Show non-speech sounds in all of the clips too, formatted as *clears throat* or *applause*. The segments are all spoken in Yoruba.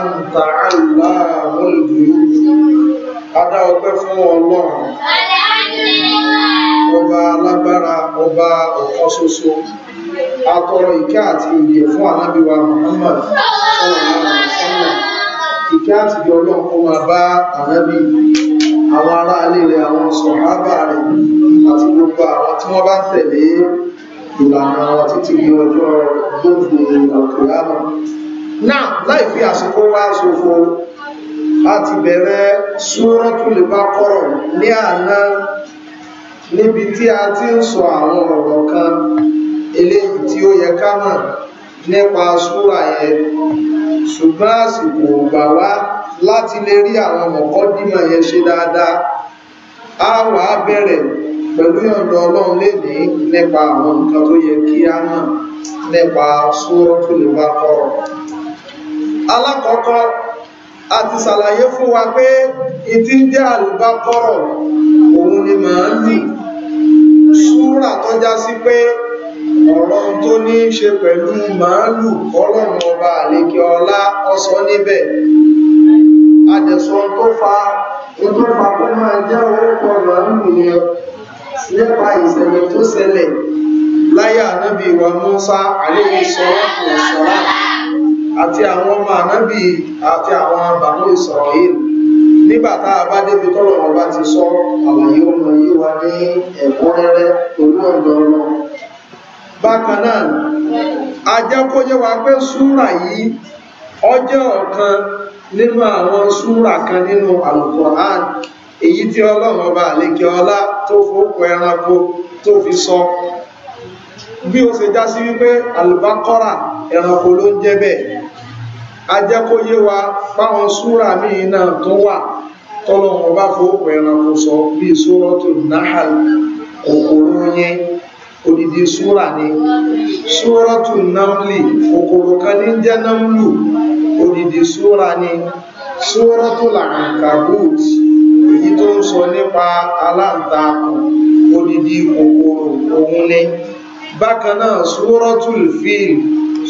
àǹtà aláàmú ìlú adá ọpẹ́ fún ọlọ́run ọba alágbára ọba ọ̀kan ṣoṣo atọrọ ìkẹ́ àti ìyẹ̀ fún anábíwa Muhammad ìkẹ́ àti ìyẹ̀ ọlọ́run kó máa bá ànábì àwọn ará alẹ́ rẹ̀ àwọn sọ̀hábà rẹ̀ àti gbogbo àwọn tí wọ́n bá ń tẹ̀lé ìlànà àwọn títí di ọjọ́ gbogbo àkùrá náà láì fi àsìkò wá ṣòfò a ti bẹ̀rẹ̀ Suratul Baqarah ní àná níbi tí a ti ń sọ àwọn ọ̀rọ̀ kan eléyìí tí ó yẹ ká mọ̀ nípa súra yẹn ṣùgbọ́n àsìkò gbà wá láti lè rí àwọn mọ̀kọ́dímọ̀ yẹn ṣe dáadáa a wà á bẹ̀rẹ̀ pẹ̀lú yọ̀ǹda ọlọ́run léde nípa àwọn nǹkan tó yẹ kí a mọ̀ nípa Suratul Baqarah alákọ̀ọ́kọ́ a ti ṣàlàyé fún wa pé ìtí ń jẹ́ àlùbákọ́rọ̀ òun ni màá lì súrà tó já sí pé ọ̀rọ̀ tó ní í ṣe pẹ̀lú màálù ọlọ́run ọba àlékè ọlá ọsọ níbẹ̀ àjẹsọ tó fa tó fa kó máa jẹ́ orúkọ màálù yẹn nípa ìṣẹ̀lẹ̀ tó ṣẹlẹ̀ láyé ànábì wa Mùsá àlékè sọ́rọ́ kò sọ́rọ́ àti àwọn ọmọ ànábì àti àwọn àbàmú ìsọ̀rọ̀ yìí nígbà tá a bá débi tọ́lọ̀ wọn bá ti sọ àlàyé ọmọ yìí wà ní ẹ̀kúnrẹ́rẹ́ pẹ̀lú ọ̀dọ̀ ọ̀nà bákan náà a jẹ́ kó yé wa pé súrà yìí ó ọ̀kan nínú àwọn súrà kan nínú Al-Qur'an èyí tí ọlọ́run ọba àlékè ọlá tó fòókò ẹranko tó fi sọ bí ó ṣe já sí wípé Al-Baqarah ẹranko ló ń jẹ́ bẹ́ẹ̀ ajẹ́kóyé wa báwọn súra míì náà tó wà tọ́lọ́run ọba fòópọ̀ ẹranko sọ bíi súrọ́tò náhàl kòkòrò yẹn odidi súra ni súrọ́tò námlì kòkòrò kan ní jẹ́ námlù odidi súra ni súrọ́tò làǹkàbùt èyí tó ń sọ nípa aláǹtakùn odidi kòkòrò òun ni bákan náà súrọ́tò fíìlì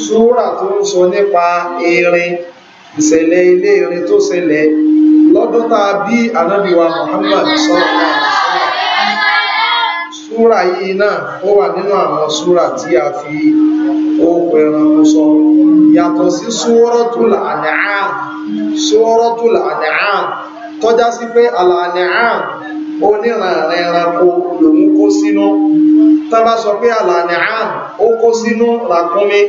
súrà tó ń sọ nípa erin ìṣẹ̀lẹ̀ ilé erin tó ṣẹlẹ̀ lọ́dún tá a bí ànábì wa Muhammad sọ́ọ̀tà súrà yìí náà ó wà nínú àwọn súrà tí a fi orúkọ ẹranko sọ yàtọ̀ sí súwọ́rọ́tùlà àníhàn súwọ́rọ́tùlà àníhàn tọ́já sí pé àlà àníhàn oníranran ẹranko lòun kó sínú tábà sọ pé àlànìán ó kó sínú ràkúnmí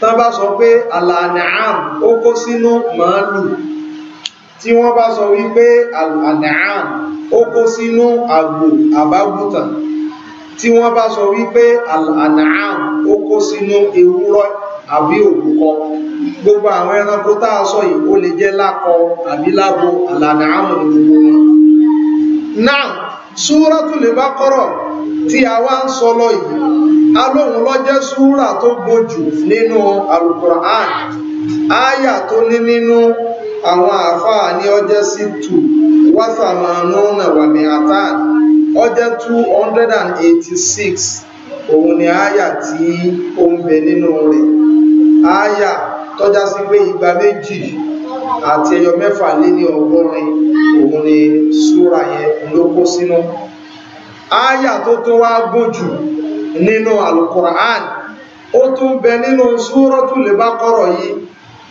tábà sọ pé àlànìán ó kó sínú màálù tí wọ́n bá sọ wípé àlànìán ó kó sínú àgbò àbágùtàn tí wọ́n bá sọ wípé àlànìán ó kó sínú ewúrọ́ àbí òkúkọ gbogbo àwọn ẹranko tá a sọ yìí ó lè jẹ́ lákọ àbí lábo àlànìán ní gbogbo wọn náà súratul Baqara tí a wá ń sọ lọ yìí alóhun lọ jẹ́ súra tó gùn jù nínú alukur'an áyà tó ní nínú àwọn àfáà ní ọjẹ́ sí tù wásàmà nọ́nà àtàn ọjẹ́ 286 òun ni aya tí ó ń bẹ nínú rẹ̀ áyà tọ́já sí pé àti ẹyọ mẹ́fà lé ní ọgọ́rin òun ni súra yẹn ló kó sínú ááyà tó tún wá gùn jù nínú alukur'an ó tún bẹ nínú Suratul Baqarah yìí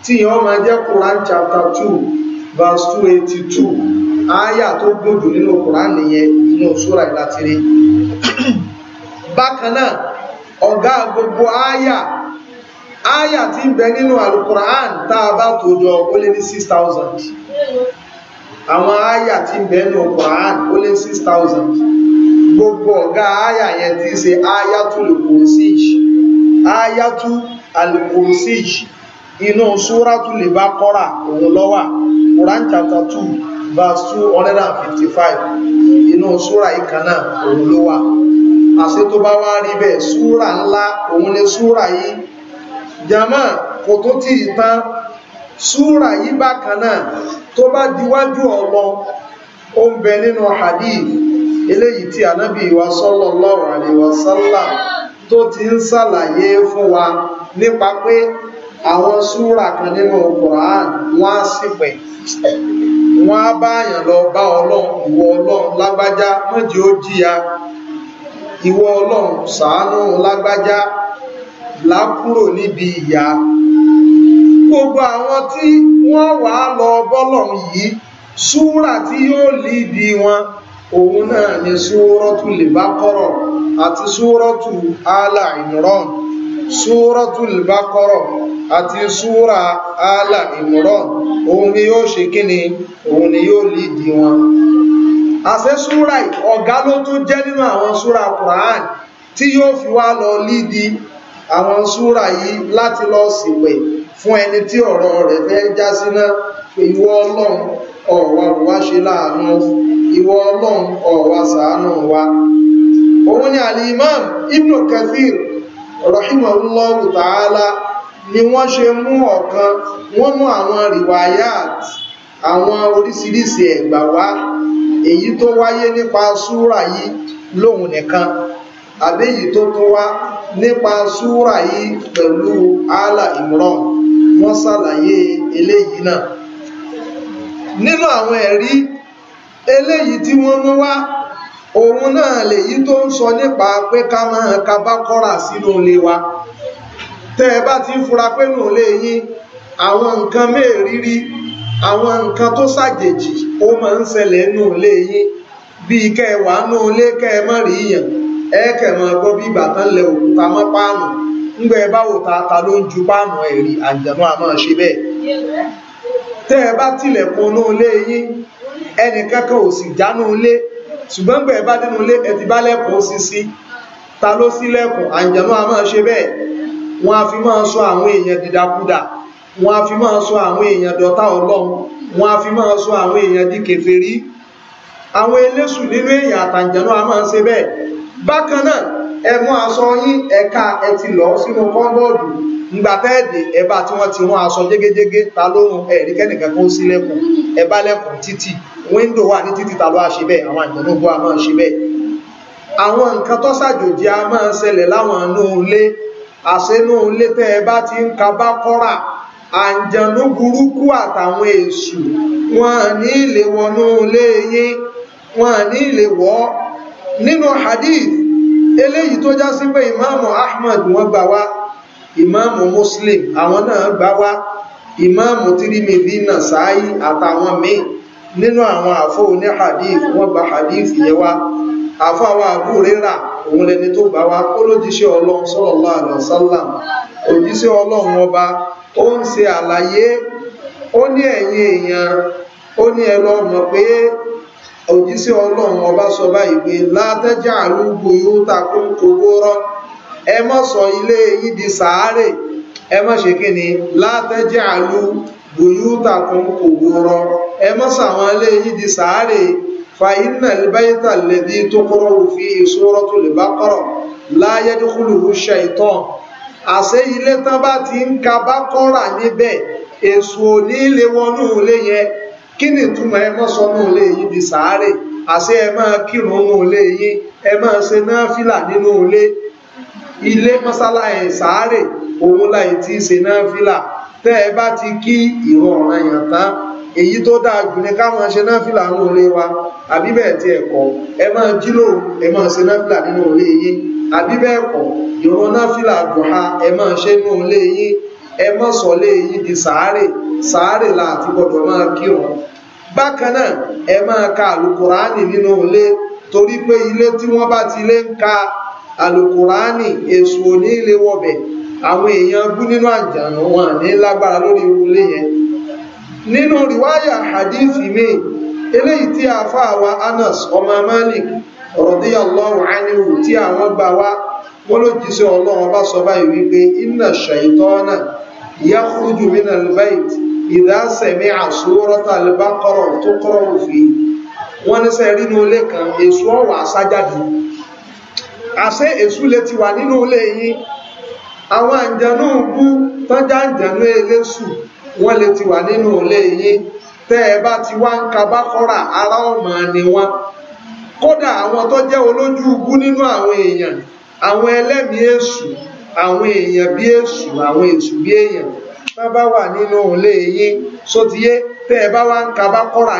tí yẹn máa jẹ́ Quran chapter two verse two eighty two ááyà tó gùn jù nínú Quran nìyẹn inú súra yìí láti rí *clears throat* bákan náà ọ̀gá gbogbo ááyà. Aya tí ń bẹ nínú alukur'an tá a bá tó jọ ó lé ní 6000 àwọn áyà tí ń bẹ nínú alukur'an ó lé ní 6000 gbogbo ọ̀gá Aya yẹn tí ń ṣe áyàtul kursij áyàtul kursij inú suratul baqara òun Quran chapter two verse 255 inú súra ìkànnà òun ló wà àṣẹ tó bá wá rí bẹ́ẹ̀ súra ńlá òun ni súra yìí jama kò tó tí ì tán súrà yìí bákan náà tó bá diwájú ọlọ ó ń nínú hadith eleyi ti anabi wa sallallahu alaihi wasallam tó ti ń ṣàlàyé fún wa nipa pe àwọn súrà kan nínú Qur'an wọ́n á sì pẹ̀ wọ́n á báyàn lọ bá ọlọ́run ìwọ ọlọ́run lágbájá mọ́jì ó jìyà ìwọ ọlọ́run ṣàánú lagbaja. là kúrò níbi ìyà gbogbo àwọn tí wọ́n wà lọ bọ́lọ̀hún yìí súrà tí yóò lídi wọn òun náà ni súrọ́tù lè àti súrọ́tù ala imran súrọ́tù lè bá àti súrà ala imran òun ni yóò ṣe kíni òun ni yóò lídi wọn àṣẹ súrà ọ̀gá ló tún jẹ́ nínú àwọn súrà Qur'an tí yóò fi wá lọ lídi àwọn súrà yìí láti lọ síwẹ̀ fún ẹni tí ọ̀rọ̀ rẹ̀ fẹ́ já síná ìwọ ọlọ́run ọ̀wà wá ṣe láàánú ìwọ ọlọ́run ọ̀wà ṣàánú wa òun ni alimam ibn kathir rahimahullahu ta'ala ni wọ́n ṣe mú ọ̀kan wọ́n mú àwọn riwayat àwọn oríṣiríṣi ẹ̀gbà wá èyí tó wáyé nípa súrà yìí lóhun nìkan àbí èyí tó tún wá nípa súrà yìí pẹ̀lú àlà Imran wọ́n ṣàlàyé eléyìí náà nínú àwọn ẹ̀rí eléyìí tí wọ́n mú wá òun náà lèyí tó ń sọ nípa pé ká máa ka Bákọ́rà sínú ilé wa tẹ́ ẹ bá ti ń fura pé nù lé yín àwọn nǹkan mẹ́ẹ̀rírí àwọn nǹkan tó ṣàjèjì ó máa ń ṣẹlẹ̀ nù lé yín bíi kẹwàá nù lé kẹmọ́rìíyàn ẹ̀ẹ́kẹ̀mọ́ gbọ́ bí ìgbà tán lẹ òkúta mọ́ páànù ńgbẹ́ ẹ bá wò ta ta ló ń ju páànù ẹ̀rí àjẹ̀nú àmọ́ ṣe bẹ́ẹ̀ tẹ́ ẹ bá tilẹ̀kùn inú ilé yín ẹnì kankan ò sì jánú ilé ṣùgbọ́n ńgbẹ́ ẹ bá dínú ilé ẹ ti bá lẹ́kùn sísí ta ló sí lẹ́kùn àjẹ̀nú àmọ́ ṣe bẹ́ẹ̀ wọ́n á fi máa sọ àwọn èèyàn dìdakúdà wọ́n á fi máa sọ àwọn èèyàn dọ̀tá ọlọ́run wọ́n á fi máa sọ àwọn bákan náà ẹ mú aṣọ yín ẹ̀ka ẹ ti lọ sínú kọ́ńbọ́ọ̀dù ńgbà fẹ́ẹ̀dì ẹ̀bá tí wọ́n ti rún aṣọ jégéjégé ta lóhun ẹ̀rí kẹ́nìkan kó sílẹ̀kùn ẹ̀bá lẹ́kùn títì wíńdò wà ní títì ta ló á ṣe bẹ́ẹ̀ àwọn àjọ̀nùbọ̀ a máa ṣe bẹ́ẹ̀ àwọn nǹkan tó ṣàjòjì a máa ṣẹlẹ̀ láwọn inú ilé àṣẹnú ilé tẹ́ ẹ bá ti ń ka bá kọ́ra àǹjọ̀nù burúkú àtàwọn èṣù wọn ní ilé ilé yín wọn ní ilé nínú hadith eléyìí tó já sí pé ìmáàmù ahmad wọ́n gbà wá ìmáàmù muslim àwọn náà gbà wá ìmáàmù tirimidi nasa'i àtàwọn míì nínú àwọn àfó ní hadith wọ́n gbà hadith yẹ wá àfó àwọn àbú rírà òun lẹni tó gbà wá ó lójíṣẹ́ ọlọ́run sallallahu alaihi wasallam òjíṣẹ́ ọlọ́run ọba ó ń ṣe àlàyé ó ní ẹ̀yin èèyàn ó ní ẹ òjíṣẹ́ ọlọ́run ọba sọ báyìí pé látẹ́jà àrúgbò yóò takó kòwó rọ́ ẹ má sọ ilé yìí di sàárè ẹ má ṣe kí ni látẹ́jà àrú bùyúta kan kòwó rọ ẹ má sàwọn ilé yìí di sàárè fa iná lẹ́dí tó kọ́rọ̀ òfin ìṣòro tó lè bá kọ́rọ̀ láyé dúkúlùú ṣàìtàn àṣẹ ilé tán bá ti ń ka bá kọ́rà níbẹ̀ èso ní ilé wọnú ilé yẹn kí ni túmọ̀ ẹ mọ́ sọ náà lè yí bí sàárè àṣẹ ẹ máa kírun náà lè yí ẹ máa ṣe náfìlà nínú ilé ilé mọ́sálà ẹ̀ sàárè òun láì tí ṣe náfìlà tẹ́ ẹ bá ti kí ìwọ̀n ọ̀ràn èèyàn tán èyí tó dáa jù ní káwọn ṣe náfìlà nínú ilé wa àbí bẹ́ẹ̀ tí ẹ kọ́ ẹ máa jílò ẹ máa ṣe náfìlà nínú ilé yín àbí bẹ́ẹ̀ kọ́ ìrun náfìlà dùnà ẹ máa ṣe nínú ilé yín ẹ mọ́ sọ lé yín di sàárè sàárè láti gbọdọ̀ máa kírun bákan náà ẹ máa ka àlùkùránì nínú ilé torí pé ilé tí wọn bá ti lé ń ka àlùkùránì èṣù òní ilé wọ̀bẹ̀ àwọn èèyàn bú nínú àjànà wọn ní lágbára lórí ilé yẹn nínú rìwáyà hadithi mi eléyìí tí a fa àwa Anas ọmọ Malik radiyallahu anhu tí àwọn gbà wá wọ́n ló jíṣẹ́ Ọlọ́run bá sọ báyìí wípé inna shaytana yakhruju minal bayt ìdá sẹ̀mí àsúwọ́rọ́ta lẹ́bá kọ́rọ̀ tó kọ́rọ̀ òfin wọ́n ní sẹ́ rí ní olé kan èṣù ọ̀wà sájáde àṣẹ èṣù lè ti wà nínú olé yín àwọn àǹjẹ̀nú bú tọ́já àǹjẹ̀nú eléṣù wọ́n lè ti wà nínú olé yín tẹ́ ẹ bá ti wá ń ka bá kọ́ra ara ọmọ ni wọ́n kódà àwọn tó jẹ́ olójú ubú nínú àwọn èèyàn àwọn ẹlẹ́mìí èṣù àwọn èèyàn bí èṣù àwọn èṣù bí èèyàn bá bá wà nínú òǹlé yín sótìyé tẹ́ ẹ bá wá ń ka bá kọ́ra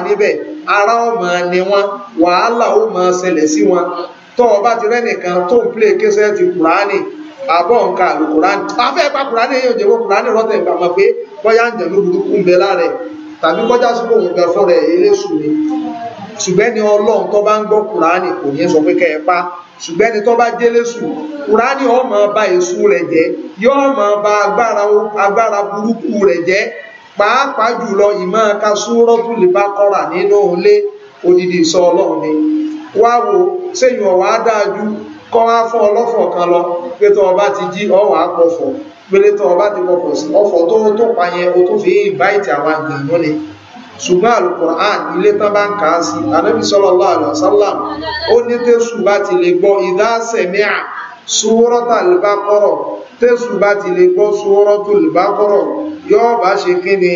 ara ó máa ní wọn wàhálà ó máa ṣẹlẹ̀ sí wọn tó o bá ti rẹ́nìkan tó ń plé késẹ́ẹ̀tì kùránì àbọ̀ nǹkan àlù kùránì afẹ́ pa kùránì yóò jẹ́wọ́ kùránì rọ́tẹ̀ nǹkan mọ̀ pé bọ́yá ń jẹ̀lú burúkú ń bẹ láàrẹ̀ tàbí kọjá sí pé òun gan fún rẹ̀ eléṣù ni ṣùgbẹ́ni ọlọ́run tó bá ń gbọ́ kùránì kò ní sọ pé kẹ́ ẹ pa ṣùgbẹ́ ni tó bá jélésù kùránì ó máa ba èṣù rẹ̀ jẹ́ yóò máa ba agbára burúkú rẹ̀ jẹ́ pàápàá jùlọ ìmọ̀ ká súrọ́tún lè bá kọ́ra nínú ilé odidi ìsọ ọlọ́run ni wá wo sẹ́yìn ọ̀wá dáájú kọ́ wá fún ọlọ́fọ̀ kan lọ pé tó ọba ti jí ọwà pọ̀fọ̀ pé tó ọba ti pọ̀fọ̀ sí ọfọ̀ tó tó pa yẹn o tó fi ń báìtì àwọn àgbẹ̀ lónìí ṣùgbọ́n alukur'an ilé tán bá ń kà á sí anábì sallallahu alaihi wasallam ó ní tẹ́sù bá ti lè gbọ́ idha sami'a suratal baqara tẹ́sù bá ti lè gbọ́ suratul baqara yóò bá ṣe kí ni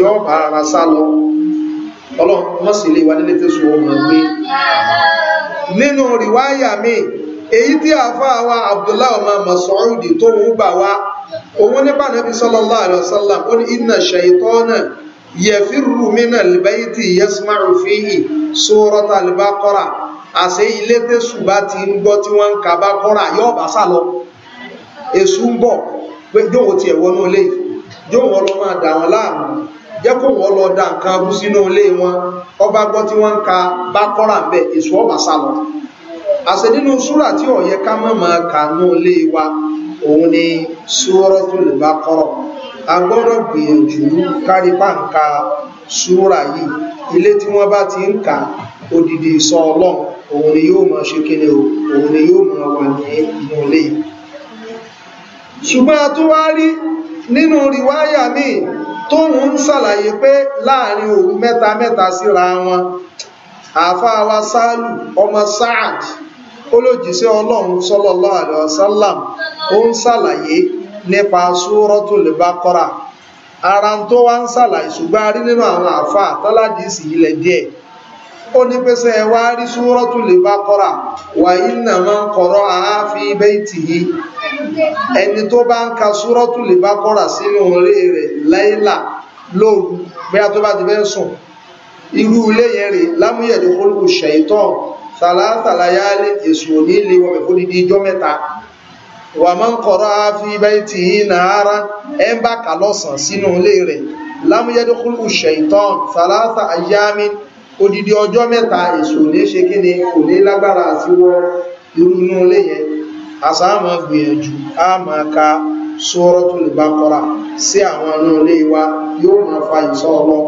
yóò bá ara sá lọ èyí tí àáfàá wa abdullahi ọmọ mas'udi tó wù wá òun nípa anábì sallallahu alaihi wasallam ó ní inna shaytana náà yẹfirru mina albayti yasma'u fihi surata albaqara àṣẹ ilé tẹsù bá ti ń gbọ́ tí wọ́n ń ka baqara yóò bá sá lọ èṣù ń bọ̀ pé jóòwò tiẹ̀ wọnú ilé jóòwò lọ máa dà wọn láàmú jẹ́ kó wọ́n lọ da nǹkan abú sínú ilé wọn ọba gbọ́ tí wọ́n ń ka baqara ń bẹ èṣù ọba sá lọ àṣẹ nínú súrà tí ó ká má máa kà nú ilé wa òun ni suratul a gbọ́dọ̀ gbìyànjú kárípà ń ka súra yìí ilé tí wọ́n bá ti ń kà odidi ìsọ ọlọ́run òun ni yóò máa ṣe kíni o òun ni yóò máa wà ní inú ilé ṣùgbọ́n a tún wá rí nínú rìwáyà míì tóun ń ṣàlàyé pé láàrin òru mẹ́ta mẹ́ta síra wọn àáfàá wa sálù ọmọ sáàd ó lòjíṣẹ́ ọlọ́run sallallahu alaihi wasallam ó ń ṣàlàyé nípa Suratul Baqara ara tó wá ń ṣàlàyé ṣùgbọ́n a rí nínú àwọn àfáà tọ́ládìísì ilẹ̀ díẹ̀ ó ní pé sẹ́ ẹ wá rí Suratul Baqara wa inna man qara'aha fi baytihi ẹni tó bá ń ka Suratul Baqara sínú orí rẹ̀ láìlà lóru bóyá tó bá ti fẹ́ sùn irú ilé yẹn rè lámúyẹ̀dẹ̀ kólùkù ṣẹ̀yìntàn sàlásàlàyálé èsù òní lè wọ̀mẹ̀ wà máa ń kọ̀rọ̀ àfi bẹ́ẹ̀tì nàárà ẹ̀ ń bá kà lọ́sàn sínú ilé rẹ̀ lámúyẹ́dókòlù ṣẹ̀tàn sàlásà àyámi odidi ọjọ́ mẹ́ta èso ní ṣe kí ni kò ní lágbára àti wọ irú inú ilé yẹn àṣà àmọ́ gbìyànjú á máa ka Suratul Baqara sí àwọn inú ilé wa yóò máa fa ìṣọ́ ọlọ́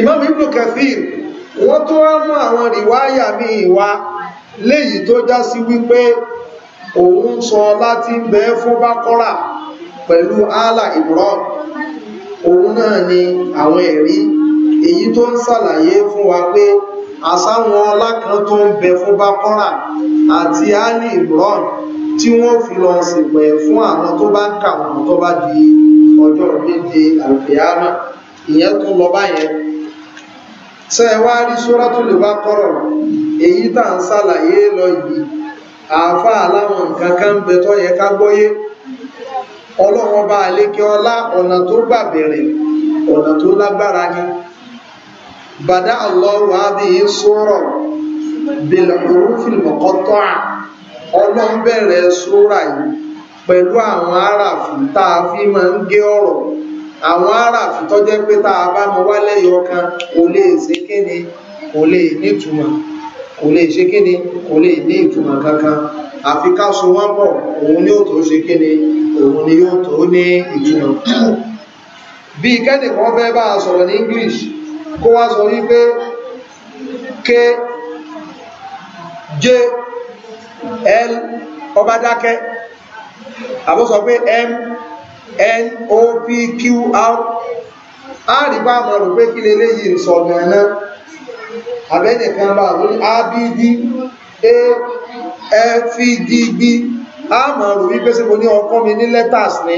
Imam Ibn wọ́n tó wá mú àwọn rìwáyà míì wá léyìí tó já sí wípé òun sọ láti ń bẹ fún bákọ́rà pẹ̀lú ààlà ìmọ̀ràn òun náà ni àwọn ẹ̀rí èyí tó ń ṣàlàyé fún wa pé àsáwọn ọlá kan tó ń bẹ fún bákọ́rà àti ààlì ìmọ̀ràn tí wọ́n fi lọ sìnpẹ̀ fún àwọn tó bá ń kà wọ́n tó bá di ọjọ́ méje àlùfíàmà ìyẹn tó lọ báyẹn ṣe wá rí Suratul Baqara èyí tá à ń ṣàlàyé lọ yìí àáfà aláwọn nǹkan kan bẹ tó yẹ ká gbọ́yé ọlọ́wọ́n bá lékè ọlá ọ̀nà tó gbà ọ̀nà tó lágbára ni bàdá Allahu hadhihi sura bil bẹ̀rẹ̀ àwọn aráàfù fi máa ń gé ọ̀rọ̀ àwọn aráàfù pé tá a bá mọ kò lè kò lè ṣe kí ni kò lè ní ìtumọ̀ kankan àfi ká so wọ́n pọ̀ òun ni ó tó ṣe kí ni òun ni yóò tó ní ìtumọ̀ bí kẹ́nìkan fẹ́ bá a sọ̀rọ̀ ní English kó wá sọ wípé k j l ọba dákẹ́ àbó sọ pé m n o p q r á rí bá a mọ̀ rò pé kí lè léyìí sọ̀gbọ̀n náà àbẹ́nìkan bá àwọn abd afdb a máa rò wípé sí mo ní ọkọ́ mi ní letters ni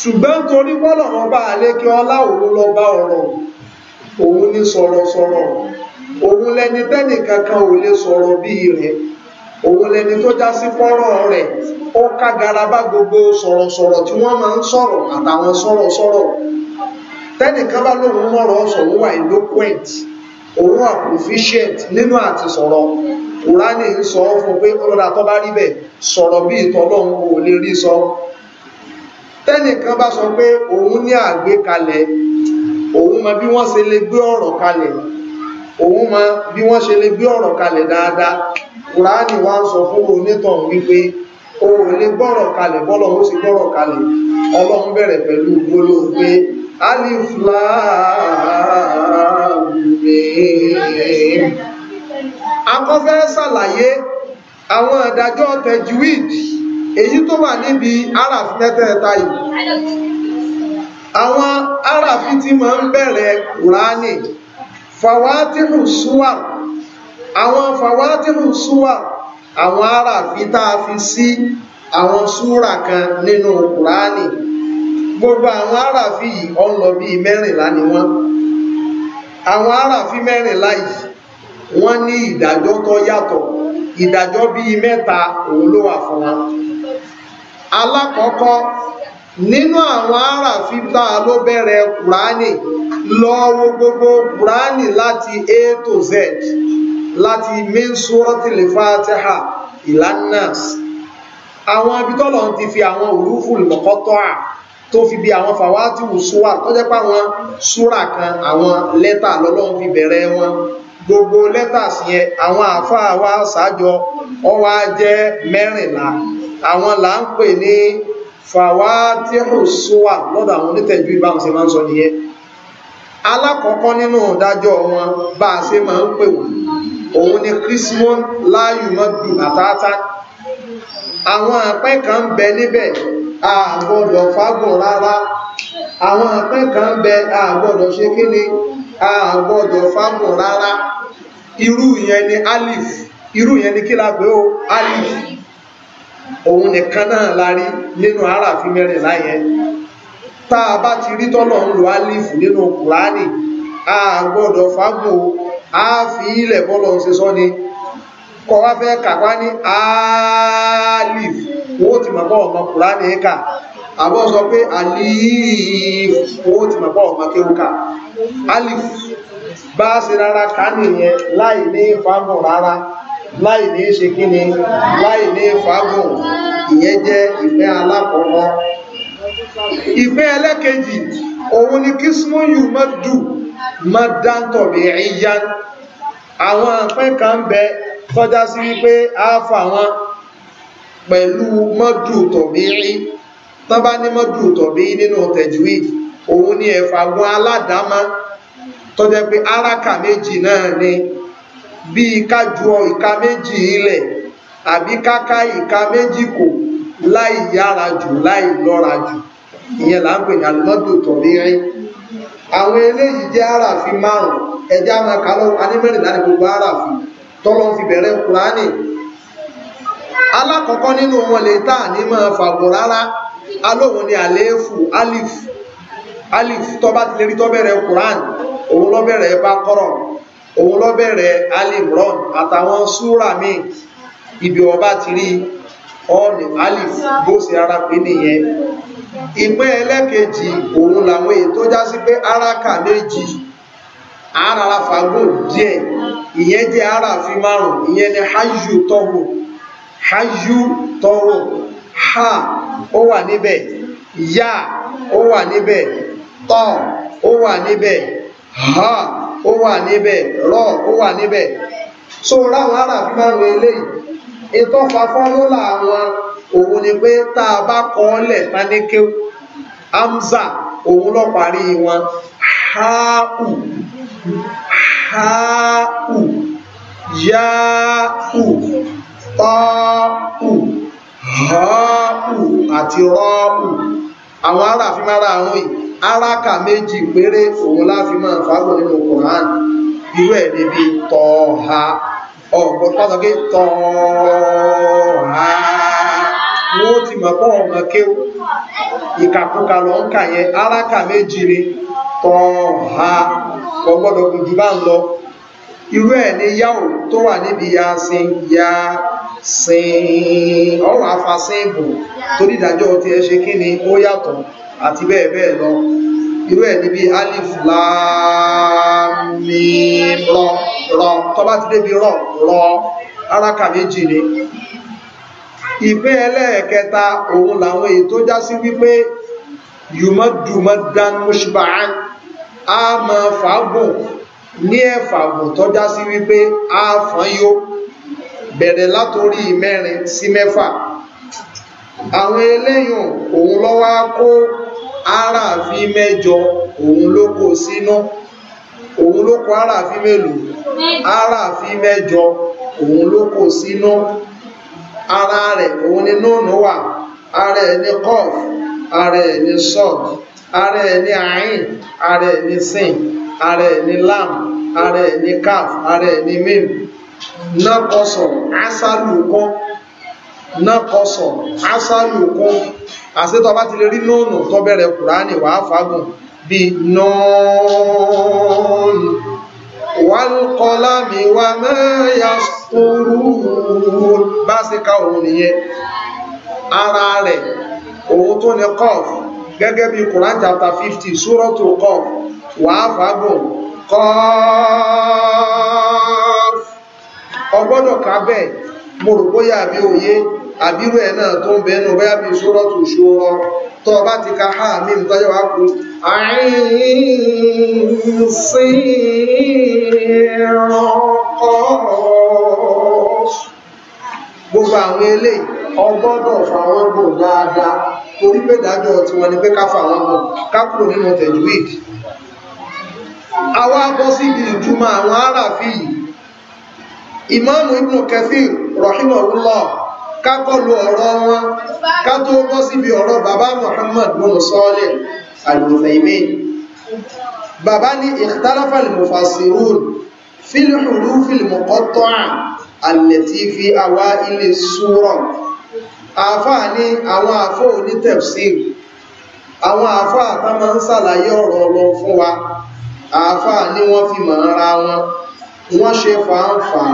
ṣùgbọ́n torí bọ́lọ̀ wọn bá àlékí ọlá òun lọ bá ọ̀rọ̀ òun ní sọ̀rọ̀sọ̀rọ̀ òun lẹni tẹ́nì kankan ò lè sọ̀rọ̀ bí rẹ̀ òun lẹni tó já sí fọ́rọ̀ rẹ̀ ó kágara bá gbogbo sọ̀rọ̀sọ̀rọ̀ tí wọ́n máa ń sọ̀rọ̀ àtàwọn sọ̀rọ̀sọ̀rọ̀ tẹ́nìkan bá lóun mọ̀rọ̀ sọ̀rọ̀ wà eloquent òun wà proficient nínú àti sọ̀rọ̀ kùránì ń sọ fún pé ọlọ́dà tó bá rí bẹ̀ sọ̀rọ̀ bí ìtọ́lọ́hun ò lè rí sọ tẹ́nìkan bá sọ pé òun ní àgbékalẹ̀ òun mọ bí wọ́n ṣe lè gbé ọ̀rọ̀ kalẹ̀ òun mọ bí wọ́n ṣe lè gbé ọ̀rọ̀ kalẹ̀ dáadáa kùránì wá ń sọ fún alif lam mim akọ́fẹ́ ṣàlàyé àwọn ìdájọ́ tajwid èyí tó wà níbi araf mẹ́tẹ̀ẹ̀ta yìí àwọn arafi tí máa ń bẹ̀rẹ̀ kùránì fàwátìrù súwà àwọn fàwátìrù súwà àwọn arafi tá a fi sí àwọn súra kan nínú kùránì. No gbogbo àwọn aráàfin yìí ọ̀n lọ bíi mẹ́rìnlá ni wọ́n àwọn aráàfin mẹ́rìnlá yìí wọ́n ní ìdájọ́ tó yàtọ̀ ìdájọ́ bíi mẹ́ta òun ló wà fún wọn alákọ̀ọ́kọ́ nínú àwọn aráàfin tá a ló bẹ̀rẹ̀ kùránì lọ wo gbogbo kùránì láti a to z láti min suratil fatiha ilan nas àwọn ibi tọ́lọ̀ ti fi àwọn òrùfù lọ́kọ́tọ́ à tó fi bí àwọn fàwátì wùsùwà tó jẹ́ pé àwọn súrà kan àwọn lẹ́tà lọ́lọ́run fi bẹ̀rẹ̀ wọn gbogbo lẹ́tà sí yẹn àwọn àáfàá wa ṣáájọ ọwọ́ á jẹ́ mẹ́rìnlá àwọn là ń pè ní fàwátì wùsùwà lọ́dọ̀ àwọn onítẹ̀jú ìbáwọn ṣe máa ń sọ nìyẹn alákọ̀ọ́kọ́ nínú ìdájọ́ wọn bá a ṣe máa ń pè wọ́n òun ni chrismon láyùmọ́dù àtàtà àwọn àpẹ́ kan ń bẹ níbẹ̀ a gbọ́dọ̀ fágùn rárá àwọn àpẹ́ kan ń bẹ a gbọ́dọ̀ ṣe kí ni a gbọ́dọ̀ fágùn rárá irú yẹn ni alif irú yẹn ni kí la pè ó alif òun nìkan náà la rí nínú aráàfin mẹ́rìnlá yẹn tá a bá ti rí tọ́lọ̀ ń lo alif nínú kùránì a gbọ́dọ̀ fágùn a fi ilẹ̀ bọ́lọ̀ ń ṣe sọ ni kọ wá fẹ́ kàkwá ní alif owó ti mọ̀ pọ̀ ọmọ kùránì ẹ̀ka àbọ̀ sọ pé alif owó ti mọ̀ pọ̀ ọmọ kéwúkà alif bá ṣe rárá ká nìyẹn láì ní fagùn rárá láì ní ṣe kí ni láì ní fagùn ìyẹn jẹ́ ìfẹ́ alákọ̀ọ́kọ́ ìfẹ́ ẹlẹ́kejì òun ni kí súnmọ́yù mọ́dù mọ́dántọ̀bẹ̀ ẹ̀yán àwọn àpẹ́ kan bẹ́ẹ̀ tọ́já sí wípé a fà wọn pẹ̀lú mọ́dù tọ̀bírí tán bá ní mọ́dù tọ̀bírí nínú tajwid òun ni ẹ̀fà wọn aládàámá tọ́jẹ́ pé áraka méjì náà ni bí kájú ìka méjì ilẹ̀ àbí káká ìka méjì kò láì yára jù láì lọ́ra jù ìyẹn là ń pè ní alimọ́dù tọ̀bírí àwọn eléyìí jẹ́ àràfin márùn-ún ẹ̀já máa kà lọ́wọ́ anímẹ́rìndínlá àràfin tọ́lọ́ fi bẹ̀rẹ̀ kùránì alákọ̀ọ́kọ́ nínú wọn lè tà ní máa fàgbọ̀ rárá alóhun ni àlééfù alif alif tó bá ti lè rí tó bẹ̀rẹ̀ quran òun ló bẹ̀rẹ̀ bakọ́rọ̀ òun ló bẹ̀rẹ̀ alimron àtàwọn súra míì ibi ọba ti rí ọ́ọ̀nì alif bó sì ara pé nìyẹn ìpín ẹlẹ́kejì òun làwọn èyí tó já sí pé áraka méjì àárara fàgò díẹ̀ ìyẹn jẹ́ ara fi márùn ìyẹn ni hajjú tọ́hù hajjú tọ́hù ha ó wà níbẹ̀ ya ó wà níbẹ̀ tọ́ ó wà níbẹ̀ ha ó wà níbẹ̀ rọ ó wà níbẹ̀ so ráwọn ara fi márùn eléyìí ìtọ́fà fọ́lọ́lá àwọn òun ni pé tá a bá kọ́ ọ́lẹ̀ táníkẹ́ hamza òun ló parí wọn haù háù yáù ọ́ù họ́ù àti rọ́ù àwọn ará fi máa ra àwọn yìí áráka méjì péré òun láfi máa fàágùn nínú Qur'an irú ẹ̀ níbi tọ́ọ̀ha ọ̀gbọ́n pàtàkì tọ́ọ̀ha wọ́n ti mọ̀ pọ́ ọmọ kéwú ìkàkùkà lọ ń kà áráka méjì ni tọ́ọ̀ha kò gbọ́dọ̀ gùn jù bá ń lọ irú ẹ̀ ní yáò tó wà níbi ya sin ya sin ọ̀rọ̀ afasín bò torí ìdájọ́ ti ẹ ṣe kí ni ó yàtọ̀ àti bẹ́ẹ̀ bẹ́ẹ̀ lọ irú ẹ̀ níbi alif láàmì rọ rọ tó bá ti débi rọ rọ áráka méjì ni ìpín ẹlẹ́ẹ̀kẹta òun làwọn èyí tó já sí wípé yùmọ́dùmọ́dán mọ́ṣùbàán a máa fàágùn ní ẹ̀fàgùn tó já sí wípé a fọ́n yó bẹ̀rẹ̀ látorí mẹ́rin sí mẹ́fà àwọn eléyìn òun lọ́wọ́ kó aráàfí mẹ́jọ òun ló kó sínú òun ló kó aráàfí mélòó aráàfí mẹ́jọ òun ló kó sínú. ara rẹ̀ òun ni nóònù wà ara ẹ̀ ní kọf, ara ẹ̀ ní ara ẹ̀ ní ara ẹ̀ ní sin ara ẹ̀ ní lam ara ẹ̀ ní calf ara ẹ̀ ní mim nakọsọ asálùkọ nakọsọ asálùkọ bá ti lè rí nóònù tó bẹ̀rẹ̀ kùránì wàá fagùn bíi wàlùkọ́lámi wà máa yà sórúurú bá sí ká òun nìyẹn ara rẹ̀ òun tó ní kọf gẹ́gẹ́ bí Quran chapter fifty súrọ́tù kọf wàá fagùn kọf ọgbọ́dọ̀ kábẹ̀ mo rò bóyá mi ò àbírú ẹ̀ náà tó ń bẹ nù bẹ́yà bí ṣúrọ́tù ṣúrọ́ tó bá ti ka ha mí ń tọ́jọ́ wá kú gbogbo àwọn eléyìí ọgbọ́dọ̀ fàwọn bò dáadáa torí pé dájọ́ tí wọ́n ni pé ká fàwọn bò kákùrò nínú tajwid àwọn abọ́ ibi ìjùmọ̀ àwọn aráàfin yìí ìmáàmù ibnu Kathir kákọlù ọ̀rọ̀ wọn ká tó bọ́ síbi ọ̀rọ̀ bàbá Muhammad bin Salih al-Uthaymeen bàbá ní ikhtalafa al-mufassirun fil huruf al-muqatta'a allati fi awa'il as-sura àáfàá ní àwọn àáfàá onítẹ̀fsir àwọn àáfàá tá fún wa àáfàá ní wọ́n fi mọ̀ wọn wọ́n ṣe fàáfà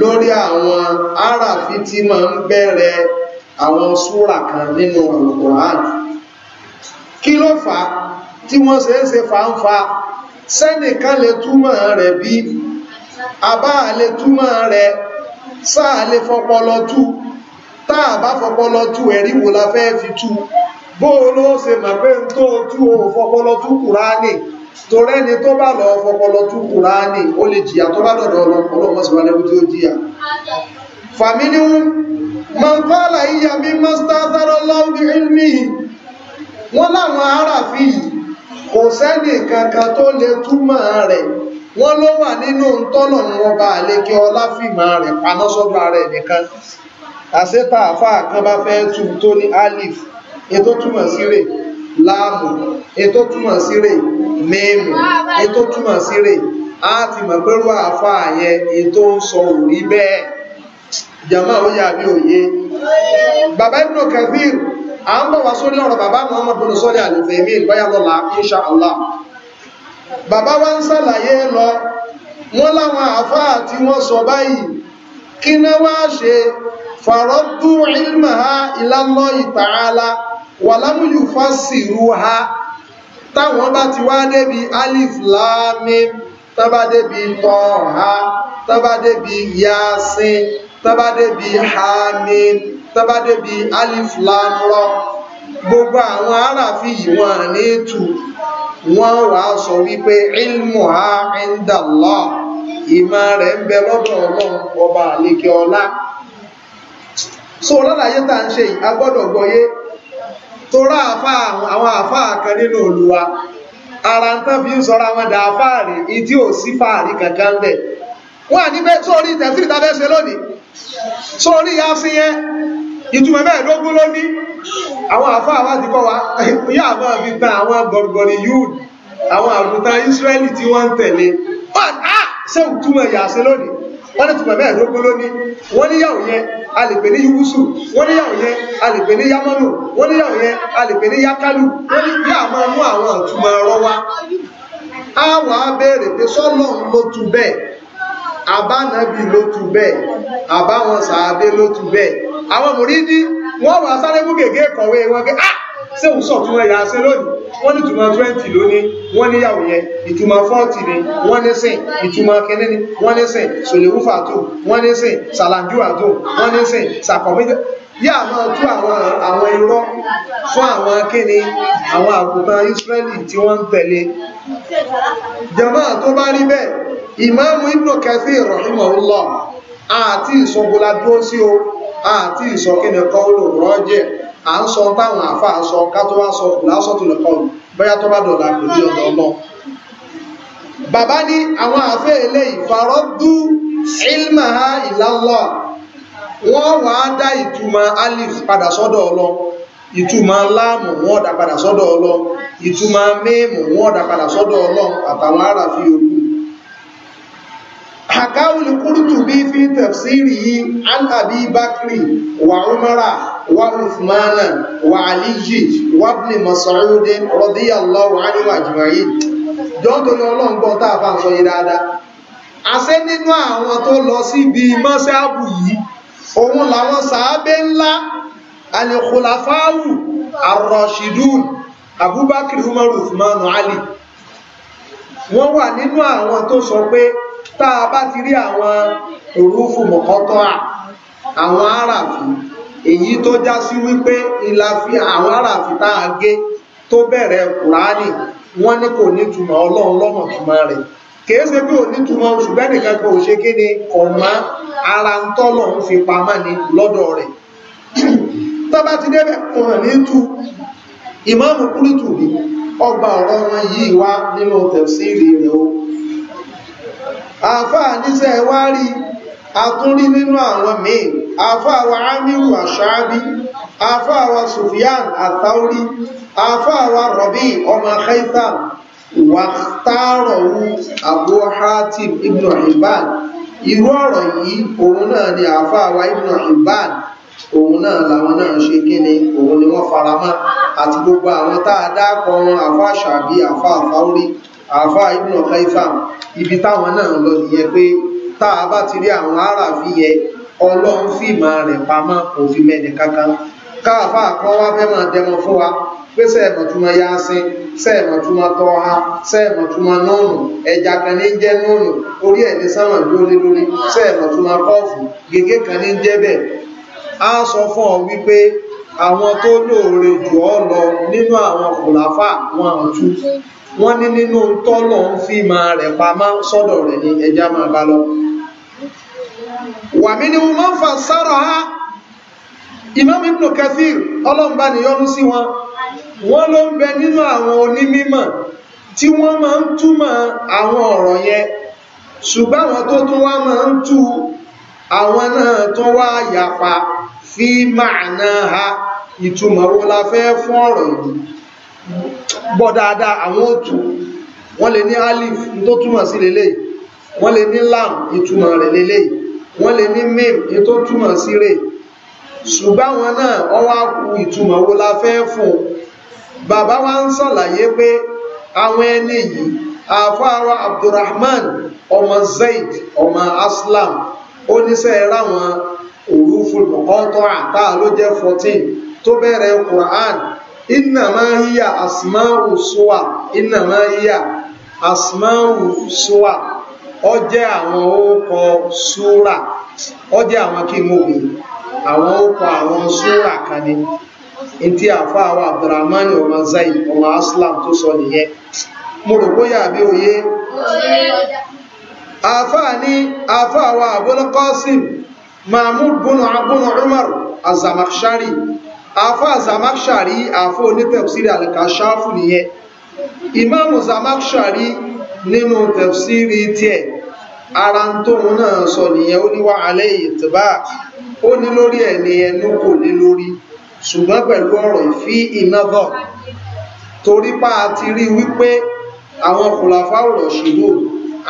lórí àwọn àràfí tí ma ń bẹ̀rẹ̀ àwọn súrà kan nínú Al-Qur'an kí ló fà tí wọ́n ṣe ń ṣe fàáfà sẹ́nìkan lè túmọ̀ rẹ̀ bí abá lè túmọ̀ rẹ̀ sáà lè fọpọlọ tú táà bá fọpọlọ tú ẹ̀rí wo la fẹ́ fi tú bóò ló ṣe mọ̀ pé ń tó tú o fọpọlọ tú Kùránì torẹ́ ni tó bá lọ fọpọlọ tú kùránì ó lè jìyà tó bá dọ̀dọ̀ ọlọ́pọ̀ sí wálẹ̀ tí ó jìyà fàmílì man ìyà mi mọ́sítátàrọ lọ́wọ́ ilmi wọ́n láwọn ará fi kò sẹ́nì kankan tó lè túmọ̀ rẹ̀ wọ́n ló wà nínú tọ́nà wọn bá àlékẹ́ ọláfìmọ̀ rẹ̀ panásọ́dọ̀ rẹ̀ nìkan àṣẹ́tà àfáà kan bá fẹ́ tù tó ní alif ètò túmọ̀ sí rẹ̀ láàmù ètò túmọ̀ sí rè mímù ètò túmọ̀ sí rè á ti mọ̀ pẹ̀lú àáfàá yẹn ètò ń sọ òrí bẹ́ẹ̀ jama ó yà bí òye bàbá ibnu kathir à ń bọ̀ wá sórí ọ̀rọ̀ bàbá muhammad bin sọ́lẹ̀ àlùfẹ̀mí ìgbáyà lọ́la insha allah bàbá wa ń sàlàyé lọ wọ́n láwọn àáfàá tí wọ́n sọ báyìí kí náà wá ṣe fàrọ́dún ilmaha ilallahi ta'ala wà lámúyù fásìrú ha táwọn bá ti wá débi alif láàmín tábá débi tọ́ha tábá yasin tábá débi hamim alif láàmúrọ́ gbogbo àwọn aráàfin yìí wọ́n ní ètù wọ́n wà sọ wípé ilmu ha indala ìmọ̀ rẹ̀ ń bẹ lọ́dọ̀ ọlọ́run ọba àlekè ọlá so lálàyé tá à ń ṣe yìí a gbọ́dọ̀ gbọ́yé torá àwọn àfá kan nínú olùwa ara ń tán fi ń sọra wọn dà fáàrí ìdí ò sí fáàrí kankan bẹ̀ wọ́n à níbẹ̀ sórí tẹ̀sílì tàbẹ́ ṣe lónìí sórí yá sí yẹn ìtumọ̀ mẹ́ẹ̀ẹ́dógún ló ní àwọn àfá wa ti kọ́ wa *laughs* yá àmọ́ fi tan àwọn gbọ̀rùgbọ̀rì yúù àwọn àgùntàn Ísírẹ́lì tí wọ́n ń tẹ̀lé wọ́n à ah! ṣé òtúmọ̀ yà sí lónìí wọ́n ní tùmọ̀ mẹ́ẹ̀ẹ́dógún lónìí wọ́n níyàwó yẹn a lè pè ní yugusu wọ́n níyàwó yẹn a lè pè ní yamanu wọ́n níyàwó yẹn a ní yakalu wọ́n ní bí àmọ́ mú àwọn ìtumọ̀ ọ̀rọ̀ wa á wà á béèrè pé sọ́lọ́ ló tu bẹ́ẹ̀ àbánabi ló tu bẹ́ẹ̀ àbáwọn sàábé ló tu bẹ́ẹ̀ àwọn mùrídìí wọ́n wà sáré mú gègé kọ̀wé wọn gé ah ṣé òun sọ̀tún ẹ̀yà ṣe lónìí wọ́n ní ìtumọ̀ 20 lóní wọ́n ní yàwó yẹn ìtumọ̀ 40 ni wọ́n ní sìn ìtumọ̀ kẹ́lẹ́ ni wọ́n ní sìn sòlèwúfà tó wọ́n ní sìn sàlàjúwà tó wọ́n ní sìn sàkọ̀mẹ́jọ yà máa tú àwọn àwọn irọ́ fún àwọn kíni àwọn àkùtàn Ísírẹ́lì tí wọ́n ń tẹ̀lé jàmáà tó bá rí bẹ́ẹ̀ ìmáàmù Ibn Kathir rahimahullah àti ìsọ̀gbọ̀lá dúró sí o àti ìsọ̀kíni kọ́ lò rọ́jẹ̀ à ń sọ táwọn àfa sọ ká tó wá sọ kù lásọ tó lè kọ lù bóyá tó bá dọ̀la kò ní ọ̀dọ̀ lọ. bàbá ní àwọn àfẹ́ eléyìí farọ́ dú ilmaha ilallah wọ́n wàá dá ìtumọ̀ alif padà sọ́dọ̀ ọlọ́ ìtumọ̀ láàmù wọ́n dá padà sọ́dọ̀ ọlọ́ ìtumọ̀ méèmù wọ́n dá padà sọ́dọ̀ ọlọ́ àtàwọn aráàfin yòókù hakawul qurtubi fi tafsirihi an abi bakri wa umara wa uthmana wa aliyi wa ibn mas'ud radiyallahu anhu ajma'in jọ́ntò ní ọlọ́ngbọ́n tá a bá ń sọ yìí dáadáa àṣẹ nínú àwọn tó lọ síbi mọ́sáàbù yìí òun làwọn sàábé ńlá alìkùlàfáàwù àrọ̀ṣìdún abubakar umaru usmanu ali wọ́n wà nínú àwọn tó sọ pé tá a bá ti rí àwọn òrùfù mọ̀kọ́tọ́ à àwọn aráàfin èyí tó já sí wípé ìlàfi àwọn aráàfin tá a gé tó bẹ̀rẹ̀ kùránì wọ́n ní kò nítumọ̀ ọlọ́run lọ́mọ túmọ̀ rẹ̀ kìí ṣe pé ò nítumọ̀ ṣùgbẹ́ nìkan kan ò ṣe kí ni ọ̀mọ́ ara ń tọ́lọ̀ ń fi pamọ́ ní lọ́dọ̀ rẹ̀ tó bá ti débẹ̀ kò ní tú ìmáàmù kúrìtù ọgbà ọ̀rọ̀ wọn yìí wá nínú tẹ̀síìrì rẹ̀ o àáfàá níṣẹ́ wá rí àtúnrí nínú àwọn míì àáfàá wa amiru àṣáábí àáfàá wa sufiyan àtàórí àáfàá wa rọ̀bí ọmọ khaitam wàtàrọ̀wù abu hatim ibn hibban irú ọ̀rọ̀ yìí òun náà ni àáfàá wa ibn hibban òun náà làwọn náà ṣe kí ni òun ni wọ́n faramọ́ àti gbogbo àwọn tá a dákọ̀ wọn àfáà ṣàbí àfáà fáórí àáfàá ibùnà kaifam ibi táwọn náà lọ nìyẹn pé tá a bá ti rí àwọn ará fi yẹ ọlọ́run fìmọ̀ rẹ̀ pamọ́ kò fi mẹ́ni kankan káàfáà kan wá fẹ́ máa dẹmọ fún wa pé sẹ́ẹ̀mọ̀túmọ̀ yáásín sẹ́ẹ̀mọ̀túmọ̀ tọ́ha sẹ́ẹ̀mọ̀túmọ̀ nọ́ọ̀nù ẹja kan ní jẹ́ nọ́ọ̀nù orí ẹ̀ ní sáwọn lórí lórí sẹ́ẹ̀mọ̀túmọ̀ kọ́ọ̀fù gègé kan ní jẹ́ bẹ́ẹ̀ á sọ fún ọ wípé àwọn tó lóore jù ọ lọ nínú àwọn kòláfà wọn àtú wọ́n ní nínú tọ́lọ̀ ń fi máa rẹ̀ pamọ́ sọ́dọ̀ rẹ̀ ní ẹja máa bá lọ wàmí ni wọ́n fà sára ha Imam Ibn Kathir ọlọ́mbà níyọ́nú sí wọn wọ́n ló ń bẹ nínú àwọn onímímọ̀ tí wọ́n máa ń túmọ̀ àwọn ọ̀rọ̀ yẹn ṣùgbọ́n àwọn tó tún wá máa ń tú àwọn náà tó wá yapa fi màánà ha ìtumọ̀ wo la fẹ́ fún ọ̀rọ̀ yìí gbọ́ dáadáa àwọn òtù wọ́n lè ní alif tó túmọ̀ sí lélẹ̀ wọ́n lè ní lam ìtumọ̀ rẹ̀ lélẹ̀ wọ́n lè ní mim tó túmọ̀ sí rẹ̀ ṣùgbọ́n wọn náà ọwọ́ kú ìtumọ̀ wo la fẹ́ fún bàbá wa ń ṣàlàyé pé àwọn ẹni yìí àfáàwà abdulrahman ọmọ zaid ọmọ aslam oníṣẹ́ ráwọn òrùfù ọ̀tọ̀ àtà ló jẹ́ 14 tó bẹ̀rẹ̀ quran إنما هي أسماء سوى إنما هي ó jẹ́ àwọn orúkọ ó jẹ́ àwọn n àwọn orúkọ àwọn súrà kan ní in tí àfá àwọn Abdurrahman ọmọ Zaid ọmọ Aslam tó sọ nìyẹn mo rò bóyá àbí òye àfá ní àfá àwọn Mahmud Umar àfà zamakshari àfà onítẹ̀fsírí alikashafu nìyẹn ìmáàmù zamakshari nínú tẹ̀fsírí tiẹ̀ ara ń tóun náà sọ nìyẹn ó ní wà alẹ́ ìtìbá ó ní lórí ẹ̀ ní ẹnu kò ní lórí ṣùgbọ́n pẹ̀lú ọ̀rọ̀ ìfí ìnábọ̀ torí pa àti rí wípé àwọn kòlàfáwòrán ṣìlú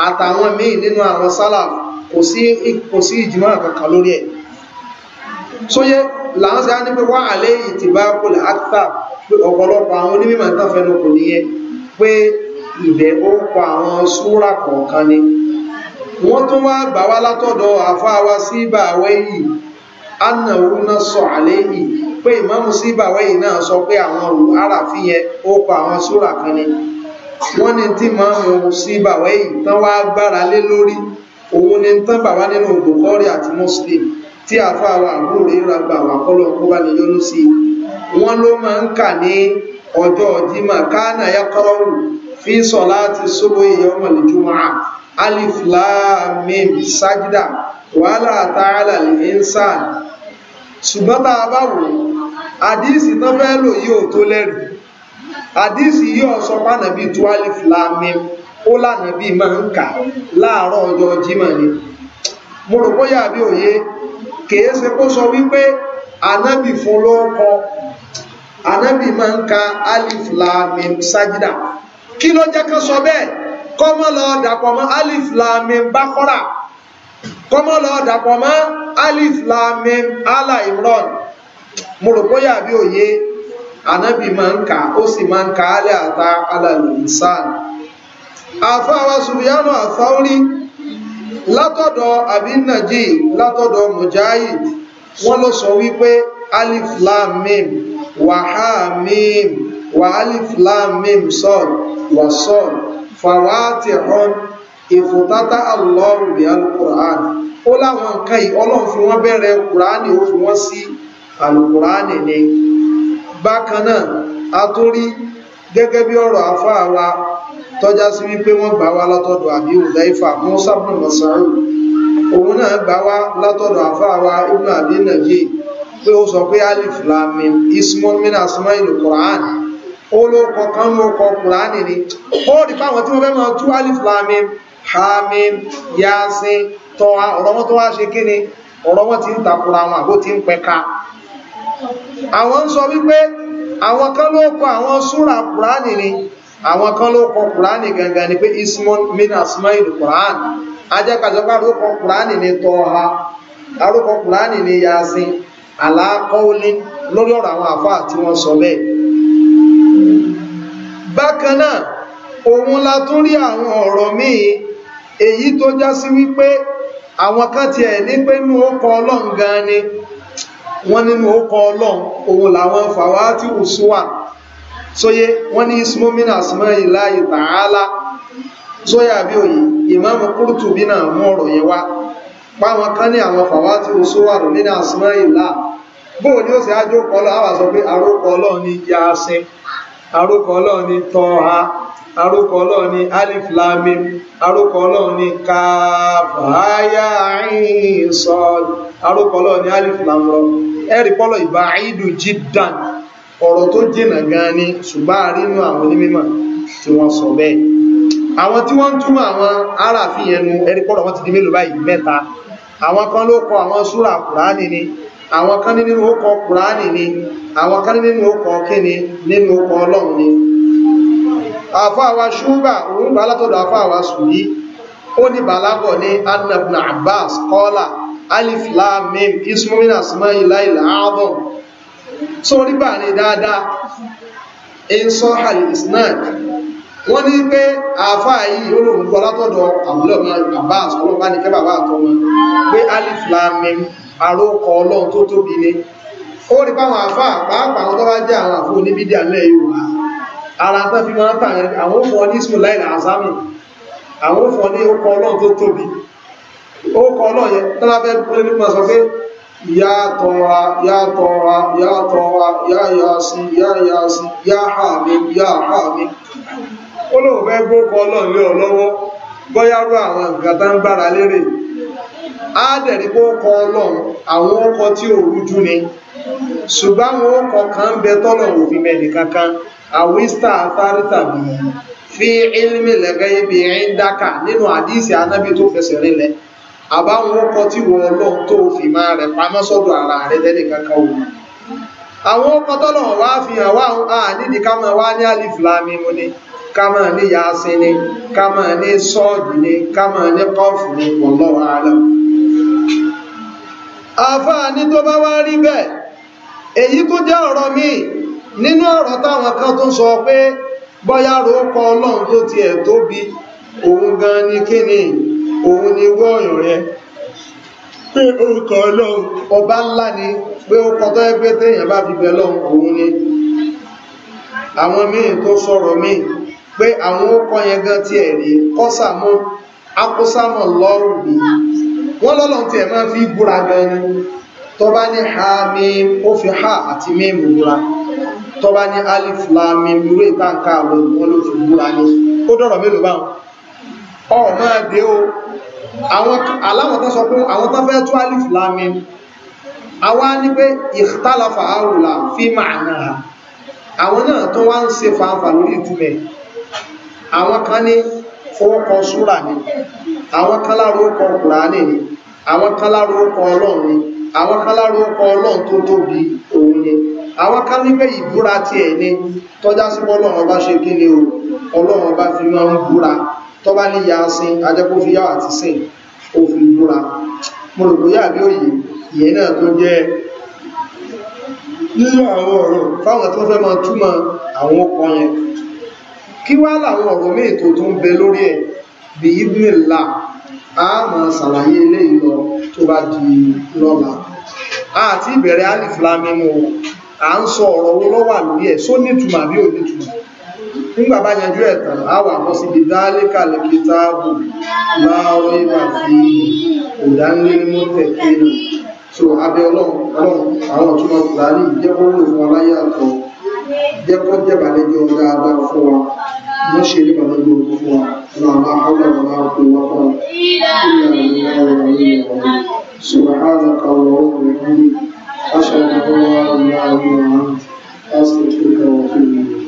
àtàwọn míì nínú àwọn sálà kò sí ìjìmọ̀ kankan lórí ẹ̀ sóyé láńsá ní pé wá àlẹ́ ìtìbá kò lè ákítà pé ọ̀pọ̀lọpọ̀ àwọn onímọ̀ tán fẹnu kò níyẹn pé ibẹ̀ ó pa àwọn súrà kọ̀ọ̀kan ni wọ́n tún wá gbà wá látọ̀dọ̀ àfáwa sí ìbàwẹ́ yìí anàwó náà sọ àlẹ́ yìí pé ìmáàmù sí ìbàwẹ́ yìí náà sọ pé àwọn àrà fi yẹn ó pa àwọn súrà kan ni wọ́n ní tí ìmáàmù sí ìbàwẹ́ yìí tán wá gbára lé lórí òun ni tán bà nínú Bukhari àti Muslim tí àfa àwọn àbúrò rẹ̀ ra gbà wà kọ́lọ̀ kó bá ní yọ́nú sí i wọ́n ló máa ń kà ní ọjọ́ Jímọ̀ káànà yakọ́rọ́wù fi sọ̀lá ti sóbó ìyọ́mọ̀ lójúmọ́ alif lam mim sájídà wàhálà àtàrà lè ń sáà ṣùgbọ́n tá a bá wò àdíìsì tán fẹ́ lò yóò tó lẹ́rù àdíìsì yóò sọ pánà bíi tú alif ó lànà bíi máa ń kà láàárọ̀ ọjọ́ Jímọ̀ ni mo rò bóyá bí òye kìí ṣe kó sọ wípé anábì fún ló ń kọ anábì máa ń ka alif lamim sajida kí ló jẹ́ ká sọ bẹ́ẹ̀ kọ́mọ́ lọ dàpọ̀ mọ́ alif lamim bakora kọ́mọ́ lọ dàpọ̀ mọ́ alif lamim ala imran mo rò bóyá àbí òye anábì máa ń kà ó sì máa ń ka alẹ́ àta alàlùmísàn àfa wa sùgbìyànú àfa orí látọ̀dọ̀ àbínàjì látọ̀dọ̀ mujahid wọ́n ló sọ wípé alif lam mim wà ha mim wà alif lam mim sọ́ọ̀d wà sọ́ọ̀d fàwátì hàn ìfòtátà alọ́rù bí alukur'an ó láwọn nǹkan yìí ọlọ́run fi wọ́n bẹ̀rẹ̀ kùránì ó fi wọ́n sí alukur'ani ni bákan náà a tó gẹ́gẹ́ bí ọ̀rọ̀ àfáà tọ́já sí wípé wọ́n gbà wá látọ̀dọ̀ àbí òdáìfà Musa ibn Mas'ud òun náà gbà wá látọ̀dọ̀ àfáàwá ibn àbí nàìjí pé ó sọ pé alif lam mim ismun min asma'il Qur'an ó ló kọkàn Qur'an ni ó rí fáwọn tí wọ́n fẹ́ máa tú alif lam mim hamim yasin tọ́wa ọ̀rọ̀ wọn tó wá ṣe kí ni ọ̀rọ̀ wọn ti ń takura wọn àbó ti ń pẹka àwọn ń sọ wípé àwọn kan ló àwọn súra Qur'an ni àwọn kan ló kọ kùránì gangan ni pé ismon mina ismail kùránì ajẹ́kàjọ́pá arúkọ kùránì ni tọ́ha arúkọ kùránì ni yasin aláàkọ́ọ́lé lórí ọ̀rọ̀ àwọn àfáà tí wọ́n sọ bẹ́ẹ̀ bákan náà òun la tún rí àwọn ọ̀rọ̀ míì èyí tó já sí wípé àwọn kan tiẹ̀ ní pé nínú orúkọ ọlọ́run gan ni wọ́n nínú orúkọ ọlọ́run òun làwọn fàwátì ùsùwà sóyé wọ́n ní ismu min asma'illahi ta'ala sóyé àbí òyì ìmáàmù Qurtubi na mú ọ̀rọ̀ yẹn wá páwọn kan ní àwọn fàwátì òṣùwàrò nínú asma'illah bóò ni ó sì ájó kọlọ àwà sọ pé àrókọ Ọlọ́run ni yasin àrókọ Ọlọ́run ni tọ́ha àrókọ Ọlọ́run ni alif lam mim àrókọ Ọlọ́run ni kàfàáyà àìsàn àrókọ Ọlọ́run ni alif lam ra ẹ̀rí pọ́lọ̀ ìbá àìdù jiddan ọ̀rọ̀ tó jìnà gan ni ṣùgbọ́n a rí inú àwọn onímọ̀ tí wọ́n sọ bẹ́ẹ̀ àwọn tí wọ́n ń túmọ̀ àwọn aráàfi ẹnu ẹni pọ́rọ̀ wọ́n ti di mélòó báyìí mẹ́ta àwọn kan ló kọ àwọn súrà kùránì ni àwọn kan nínú ó kùránì ni àwọn kan nínú ó kíni nínú ó ọlọ́run ni àfáàwà ṣúgbà òun gbà látọ̀dọ̀ àfáàwà sùlí ó ní bàlágọ̀ ní adnabna abbas kọ́lá alif lam mim ismu min asma'i sórí bàrẹ̀ dáadáa ẹ̀ńsọ́ al-isnad wọ́n ní pé àáfàá yìí olóògbò látọ̀dọ̀ àbúlọ̀mọ abbas ọlọ́pàá ní kẹ́bàbá àtọmọ pé alif lam mim àrókọ ọlọ́run tó tóbi ni ó rí báwọn àáfàá pàápàá àwọn tó bá jẹ́ àwọn àfọ oníbídíà ńlẹ̀ yorùbá ara tán fi máa ń tàn àwọn òfò ní ismail azami àwọn òfò ní orúkọ ọlọ́run tó tóbi orúkọ ọlọ́run yẹn tó lábẹ́ pé ya طه ya طه ya yasi ya ياسين يا ya ha حامد يا حامد ó lóun fẹ́ náà ọlọ́run lé ọ lọ́wọ́ àwọn nǹkan tá ń gbára lérè á tí ò rújú ni ṣùgbọ́n àwọn ọkọ kan ń bẹ tọ́lọ̀ òfin mẹ́rin kankan àwísítà àtàrí fi ilmi lẹ́gẹ́ ibi ẹ̀ ń nínú anábì tó fẹsẹ̀ rinlẹ̀ àbáwọn ọkọ tí wọ ọlọ́run tó fi máa rẹ̀ pamọ́ sọ́dọ̀ ara rẹ̀ tẹ́lẹ̀ kankan wò àwọn ọkọ tọ́lọ̀ wá fi hàn wá nídìí ká máa wá ní àlìfìlàmì mu ni ká máa ní yasin ni ká máa ní sọ́ọ̀dì ni ká máa ní kọ́ọ̀fù ni wallahu a'lam àfáàní tó bá wá rí bẹ́ẹ̀ èyí tó jẹ́ ọ̀rọ̀ míì nínú ọ̀rọ̀ táwọn kan tún sọ pé bọ́yá rókọ ọlọ́run tó tiẹ̀ tóbi òun gan ni kíni òun ni irú ọ̀yàn rẹ pé orúkọ ọlọ́run ọba ńlá ni pé ó kọtọ́ ẹgbẹ́ téèyàn bá fi bẹ lọ́run òun ni àwọn míì tó sọ̀rọ̀ míì pé àwọn ó kọ́ yẹn gan tiẹ̀ rí kọ́sàmọ́ akúsàmọ̀ lọ́rùn bí wọ́n lọ́lọ́run tiẹ̀ máa fi búra gan ni tọ́ba ní ha mím ó fi ha àti mím búra tọ́ba ní alif la mím ìwé ìtànká àwọn ìwọ́n ló fi búra ni ó dọ̀rọ̀ mélòó báwọn ọ̀ máa dé o àwọn aláwọ̀ tán sọ pé àwọn tán fẹ́ tú alif lámi àwa ní pé ìtàlàfà àrùlà fi màánà àwọn náà tó wá ń ṣe fàáfà lórí ìtumẹ̀ àwọn kan ní fọ́ọ̀kọ súrà ni àwọn kan lára orúkọ kùránì ni àwọn kan lára orúkọ ọlọ́run ni àwọn kan lára orúkọ ọlọ́run tó tóbi òun ni àwọn kan ní pé ìbúra tiẹ̀ ni tọ́já sí ọlọ́run ọba ṣe kí ni o ọlọ́run ọba fi máa ń búra tó bá ní yasin ajẹ́kó fi yáwà ti sìn ó fi búra mo rò bóyá àbí òye ìyẹn náà tó jẹ́ nínú àwọn ọ̀rọ̀ fáwọn tó fẹ́ máa túmọ̀ àwọn ọkọ̀ yẹn kí wá láwọn ọ̀rọ̀ míì tó tó ń bẹ lórí ẹ̀ bí ibnilá a máa ṣàlàyé eléyìí lọ tó bá di lọ́la àti ìbẹ̀rẹ̀ aliflamimu à ń sọ ọ̀rọ̀ owó lọ́wà lórí ẹ̀ só nítumọ̀ àbí ò nítumọ̀ nígbà bá yanjú ẹ̀ tán á wà bọ́ síbi dálíkà lẹ́kítàbù láàárọ̀ ìwà fi òdánilẹ́mú tẹ̀kẹ́ náà so abẹ́ ọlọ́run ọlọ́run àwọn ọ̀túnmọ̀ fúlàní jẹ́ kó wúlò fún aláyé àtọ̀ jẹ́ kó jẹ́bà lẹ́jọ́ dáadáa fún wa mọ́ ṣe ní bàbá ìlú ogun fún wa ní àwọn akọ́lọ̀ bàbá òkú wa fún wa سبحانك اللهم وبحمدك أشهد أن لا إله إلا أنت أستغفرك وأتوب إليك